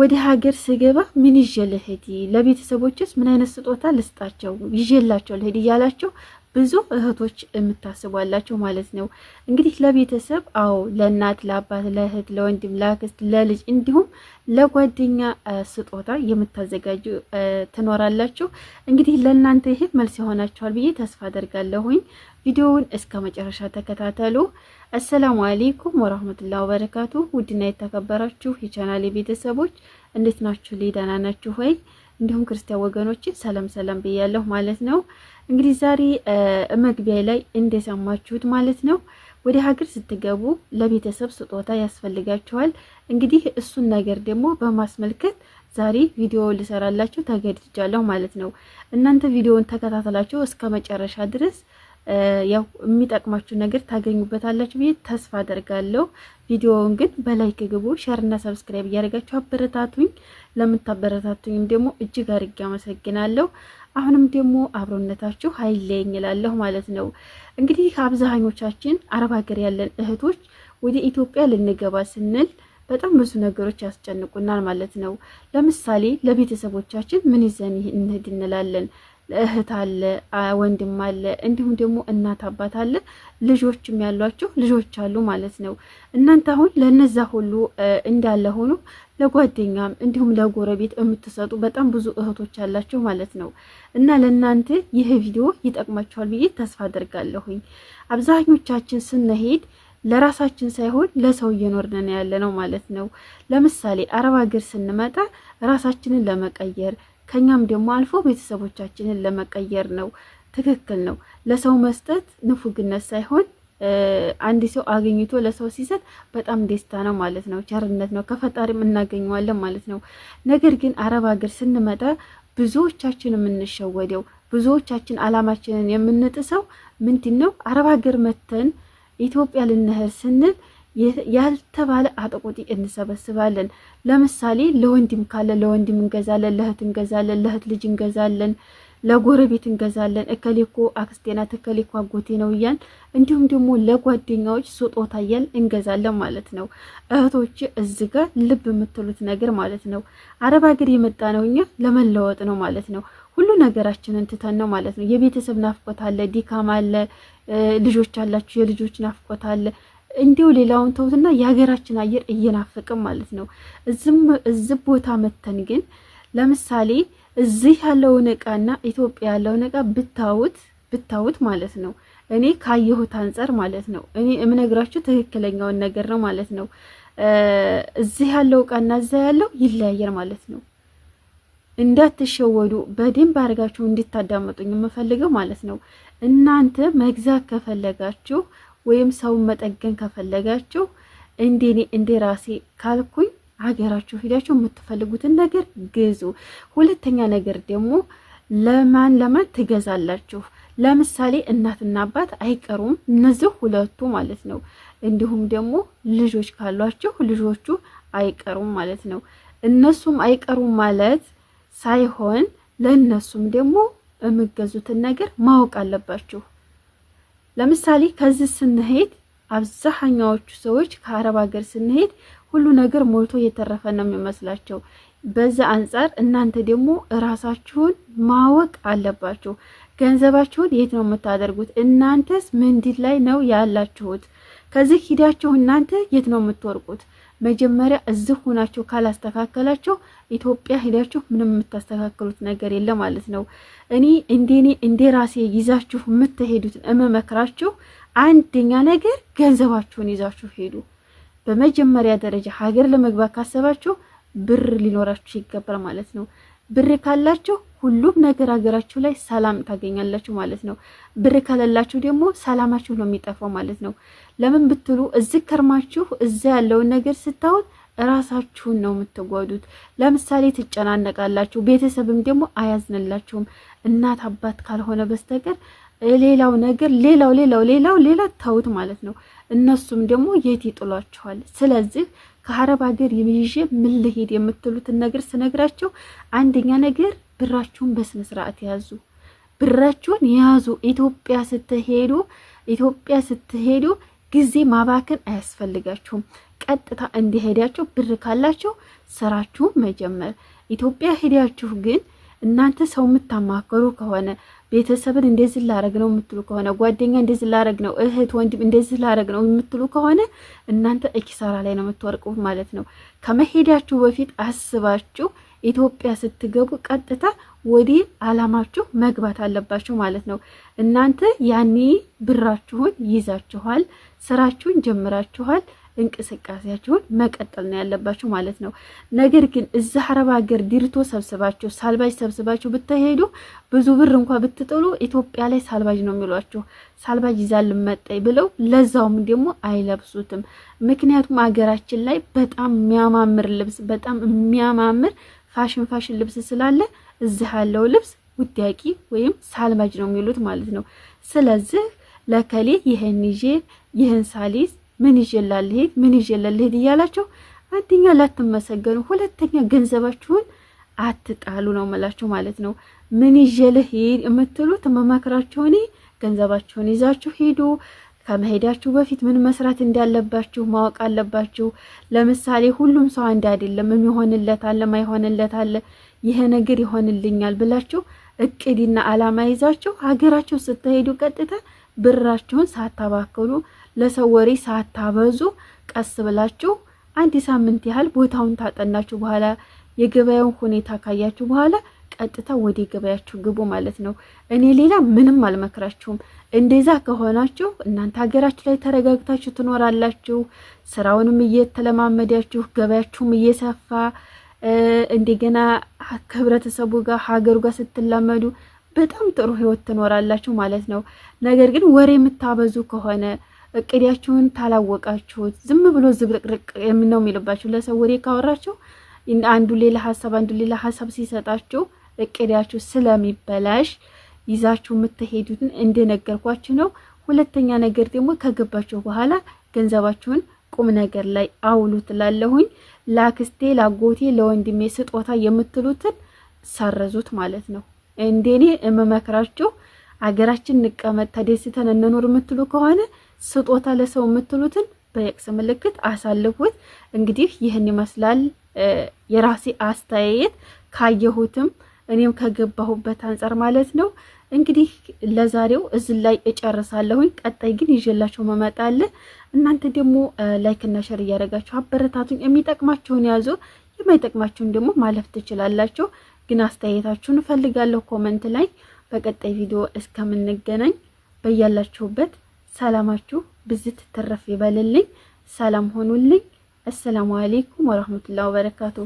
ወደ ሀገር ስገባ ምን ይዤ ልሂድ፣ ለቤተሰቦችስ ምን አይነት ስጦታ ልስጣቸው፣ ይዤላቸው ልሂድ እያላቸው ብዙ እህቶች የምታስቧላቸው ማለት ነው። እንግዲህ ለቤተሰብ አዎ፣ ለእናት ለአባት፣ ለእህት፣ ለወንድም፣ ለአክስት፣ ለልጅ እንዲሁም ለጓደኛ ስጦታ የምታዘጋጁ ትኖራላችሁ። እንግዲህ ለእናንተ ይህ መልስ ይሆናችኋል ብዬ ተስፋ አደርጋለሁኝ። ቪዲዮውን እስከ መጨረሻ ተከታተሉ። አሰላሙ አሌይኩም ወራህመቱላ ወበረካቱ። ውድና የተከበራችሁ የቻናሌ ቤተሰቦች እንዴት ናችሁ? ደህና ናችሁ ወይ? እንዲሁም ክርስቲያን ወገኖችን ሰላም ሰላም ብያለሁ ማለት ነው። እንግዲህ ዛሬ መግቢያ ላይ እንደሰማችሁት ማለት ነው ወደ ሀገር ስትገቡ ለቤተሰብ ስጦታ ያስፈልጋችኋል። እንግዲህ እሱን ነገር ደግሞ በማስመልከት ዛሬ ቪዲዮ ልሰራላችሁ ተገድጃለሁ ማለት ነው። እናንተ ቪዲዮውን ተከታተላችሁ እስከ መጨረሻ ድረስ ያው የሚጠቅማችሁ ነገር ታገኙበታላችሁ ብዬ ተስፋ አደርጋለሁ። ቪዲዮውን ግን በላይክ ግቡ፣ እና ሰብስክራይብ እያደረጋችሁ አበረታቱኝ። ለምታበረታቱኝም ደግሞ እጅግ አድርጌ አመሰግናለሁ። አሁንም ደግሞ አብሮነታችሁ አይለየኝ እላለሁ ማለት ነው። እንግዲህ አብዛኞቻችን አረብ ሀገር ያለን እህቶች ወደ ኢትዮጵያ ልንገባ ስንል በጣም ብዙ ነገሮች ያስጨንቁናል ማለት ነው። ለምሳሌ ለቤተሰቦቻችን ምን ይዘን እንሂድ እንላለን። እህት አለ፣ ወንድም አለ፣ እንዲሁም ደግሞ እናት አባት አለ፣ ልጆችም ያሏቸው ልጆች አሉ ማለት ነው። እናንተ አሁን ለነዛ ሁሉ እንዳለ ሆኖ ለጓደኛም እንዲሁም ለጎረቤት የምትሰጡ በጣም ብዙ እህቶች አላቸው ማለት ነው። እና ለእናንተ ይህ ቪዲዮ ይጠቅማችኋል ብዬ ተስፋ አደርጋለሁኝ። አብዛኞቻችን ስንሄድ ለራሳችን ሳይሆን ለሰው እየኖርን ያለ ነው ማለት ነው። ለምሳሌ አረብ ሀገር ስንመጣ ራሳችንን ለመቀየር ከኛም ደግሞ አልፎ ቤተሰቦቻችንን ለመቀየር ነው። ትክክል ነው። ለሰው መስጠት ንፉግነት ሳይሆን አንድ ሰው አግኝቶ ለሰው ሲሰጥ በጣም ደስታ ነው ማለት ነው። ቸርነት ነው። ከፈጣሪም እናገኘዋለን ማለት ነው። ነገር ግን አረብ ሀገር ስንመጣ ብዙዎቻችን የምንሸወደው ብዙዎቻችን አላማችንን የምንጥሰው ምንድን ነው? አረብ ሀገር መተን ኢትዮጵያ ልንሄድ ስንል ያልተባለ አጠቆጢ እንሰበስባለን። ለምሳሌ ለወንድም ካለ ለወንድም እንገዛለን፣ ለእህት እንገዛለን፣ ለእህት ልጅ እንገዛለን፣ ለጎረቤት እንገዛለን። እከሌኮ አክስቴ ናት፣ እከሌኮ አጎቴ ነው እያል እንዲሁም ደግሞ ለጓደኛዎች ስጦታ እያል እንገዛለን ማለት ነው። እህቶች እዚህ ጋር ልብ የምትሉት ነገር ማለት ነው አረብ ሀገር የመጣ ነው እኛ ለመለወጥ ነው ማለት ነው። ሁሉ ነገራችንን ትተን ነው ማለት ነው። የቤተሰብ ናፍቆት አለ፣ ዲካም አለ፣ ልጆች አላችሁ፣ የልጆች ናፍቆት አለ እንዲሁ ሌላውን ተውትና የሀገራችን አየር እየናፈቅም ማለት ነው። እዚህ ቦታ መተን ግን ለምሳሌ እዚህ ያለውን እቃና ኢትዮጵያ ያለውን እቃ ብታውት ብታውት ማለት ነው እኔ ካየሁት አንጻር ማለት ነው እኔ የምነግራችሁ ትክክለኛውን ነገር ነው ማለት ነው። እዚህ ያለው እቃና እዛ ያለው ይለያያል ማለት ነው። እንዳትሸወዱ በደንብ አድርጋችሁ እንድታዳመጡኝ የምፈልገው ማለት ነው። እናንተ መግዛት ከፈለጋችሁ ወይም ሰውን መጠገን ከፈለጋችሁ እንዴኔ እንዴ ራሴ ካልኩኝ ሀገራችሁ ሂዳችሁ የምትፈልጉትን ነገር ግዙ። ሁለተኛ ነገር ደግሞ ለማን ለማን ትገዛላችሁ? ለምሳሌ እናትና አባት አይቀሩም፣ እነዚህ ሁለቱ ማለት ነው። እንዲሁም ደግሞ ልጆች ካሏችሁ ልጆቹ አይቀሩም ማለት ነው። እነሱም አይቀሩም ማለት ሳይሆን ለእነሱም ደግሞ የምገዙትን ነገር ማወቅ አለባችሁ። ለምሳሌ ከዚህ ስንሄድ አብዛኛዎቹ ሰዎች ከአረብ ሀገር ስንሄድ ሁሉ ነገር ሞልቶ እየተረፈ ነው የሚመስላቸው። በዛ አንጻር እናንተ ደግሞ እራሳችሁን ማወቅ አለባችሁ። ገንዘባችሁን የት ነው የምታደርጉት? እናንተስ ምንድን ላይ ነው ያላችሁት? ከዚህ ሂዳችሁ እናንተ የት ነው የምትወርቁት? መጀመሪያ እዚህ ሁናችሁ ካላስተካከላችሁ ኢትዮጵያ ሄዳችሁ ምንም የምታስተካክሉት ነገር የለ ማለት ነው። እኔ እንዴኔ እንዴ ራሴ ይዛችሁ የምትሄዱትን እመመክራችሁ አንደኛ ነገር ገንዘባችሁን ይዛችሁ ሄዱ። በመጀመሪያ ደረጃ ሀገር ለመግባት ካሰባችሁ ብር ሊኖራችሁ ይገባል ማለት ነው። ብር ካላችሁ ሁሉም ነገር ሀገራችሁ ላይ ሰላም ታገኛላችሁ ማለት ነው። ብር ከሌላችሁ ደግሞ ሰላማችሁ ነው የሚጠፋው ማለት ነው። ለምን ብትሉ እዚህ ከርማችሁ እዛ ያለውን ነገር ስታዩት እራሳችሁን ነው የምትጓዱት። ለምሳሌ ትጨናነቃላችሁ፣ ቤተሰብም ደግሞ አያዝንላችሁም። እናት አባት ካልሆነ በስተቀር ሌላው ነገር ሌላው ሌላው ሌላው ሌላ ታውት ማለት ነው። እነሱም ደግሞ የት ይጥሏችኋል። ስለዚህ ከአረብ ሀገር ይዤ ምን ልሄድ የምትሉትን ነገር ስነግራቸው አንደኛ ነገር ብራችሁን በስነ ስርዓት ያዙ። ብራችሁን ያዙ። ኢትዮጵያ ስትሄዱ ኢትዮጵያ ስትሄዱ ጊዜ ማባከን አያስፈልጋችሁም። ቀጥታ እንዲሄዳችሁ ብር ካላችሁ ስራችሁን መጀመር ኢትዮጵያ ሄዳችሁ ግን እናንተ ሰው የምታማክሩ ከሆነ ቤተሰብን እንደዚህ ላረግ ነው የምትሉ ከሆነ ጓደኛ እንደዚህ ላረግ ነው እህት ወንድም እንደዚህ ላረግ ነው የምትሉ ከሆነ እናንተ ኪሳራ ላይ ነው የምትወርቁ ማለት ነው። ከመሄዳችሁ በፊት አስባችሁ ኢትዮጵያ ስትገቡ ቀጥታ ወደ አላማችሁ መግባት አለባችሁ ማለት ነው። እናንተ ያኔ ብራችሁን ይዛችኋል፣ ስራችሁን ጀምራችኋል። እንቅስቃሴያችሁን መቀጠል ነው ያለባችሁ ማለት ነው። ነገር ግን እዛ አረብ ሀገር ዲርቶ ሰብስባችሁ ሳልባጅ ሰብስባችሁ ብትሄዱ ብዙ ብር እንኳ ብትጥሉ ኢትዮጵያ ላይ ሳልባጅ ነው የሚሏችሁ። ሳልባጅ ይዛ ልመጣይ ብለው ለዛውም ደግሞ አይለብሱትም። ምክንያቱም ሀገራችን ላይ በጣም የሚያማምር ልብስ በጣም የሚያማምር ፋሽን ፋሽን ልብስ ስላለ እዚህ ያለው ልብስ ውዲያቂ ወይም ሳልባጅ ነው የሚሉት ማለት ነው። ስለዚህ ለከሌ ይህን ይዤ ይህን ሳሊዝ ምን ይጀላል ሄድ ምን ይዤላል ሄድ እያላቸው አንደኛ ላትመሰገኑ፣ ሁለተኛ ገንዘባችሁን አትጣሉ ነው መላችሁ ማለት ነው። ምን ይዤልህ ሄድ የምትሉት መመክራችሁ እኔ ገንዘባችሁን ይዛችሁ ሄዱ። ከመሄዳችሁ በፊት ምን መስራት እንዳለባችሁ ማወቅ አለባችሁ። ለምሳሌ ሁሉም ሰው አንድ አይደለም። የሚሆንለት አለ፣ ማይሆንለት አለ። ይሄ ነገር ይሆንልኛል ብላችሁ እቅድና አላማ ይዛችሁ ሀገራችሁ ስትሄዱ ቀጥታ ብራችሁን ሳታባክሉ ለሰው ወሬ ሳታበዙ ቀስ ብላችሁ አንድ ሳምንት ያህል ቦታውን ታጠናችሁ በኋላ የገበያውን ሁኔታ ካያችሁ በኋላ ቀጥታ ወደ ገበያችሁ ግቡ ማለት ነው። እኔ ሌላ ምንም አልመክራችሁም። እንደዛ ከሆናችሁ እናንተ ሀገራችሁ ላይ ተረጋግታችሁ ትኖራላችሁ። ስራውንም እየተለማመዳችሁ ገበያችሁም እየሰፋ እንደገና ከህብረተሰቡ ጋር ሀገሩ ጋር ስትላመዱ በጣም ጥሩ ህይወት ትኖራላችሁ ማለት ነው። ነገር ግን ወሬ የምታበዙ ከሆነ እቅዳችሁን ታላወቃችሁት ዝም ብሎ ዝብርቅርቅ የምነው የሚልባችሁ። ለሰው ወሬ ካወራችሁ አንዱ ሌላ ሀሳብ አንዱ ሌላ ሀሳብ ሲሰጣችሁ እቅዳችሁ ስለሚበላሽ ይዛችሁ የምትሄዱትን እንደነገርኳችሁ ነው። ሁለተኛ ነገር ደግሞ ከገባችሁ በኋላ ገንዘባችሁን ቁም ነገር ላይ አውሉት። ላለሁኝ ላክስቴ፣ ላጎቴ፣ ለወንድሜ ስጦታ የምትሉትን ሰረዙት ማለት ነው። እንደኔ የምመክራችሁ አገራችን እንቀመጥ ተደስተን እንኖር የምትሉ ከሆነ ስጦታ ለሰው የምትሉትን በየቅስ ምልክት አሳልፉት። እንግዲህ ይህን ይመስላል የራሴ አስተያየት ካየሁትም እኔም ከገባሁበት አንጻር ማለት ነው። እንግዲህ ለዛሬው እዚህ ላይ እጨርሳለሁኝ። ቀጣይ ግን ይዤላቸው መመጣለ። እናንተ ደግሞ ላይክ እና ሸር እያደረጋችሁ አበረታቱኝ። የሚጠቅማቸውን ያዙ፣ የማይጠቅማቸውን ደግሞ ማለፍ ትችላላችሁ። ግን አስተያየታችሁን እፈልጋለሁ ኮመንት ላይ። በቀጣይ ቪዲዮ እስከምንገናኝ በያላችሁበት ሰላማችሁ ብዝት ትተረፍ ይበልልኝ። ሰላም ሆኑልኝ። አሰላሙ አሌይኩም ወረህመቱላሂ ወበረካቱ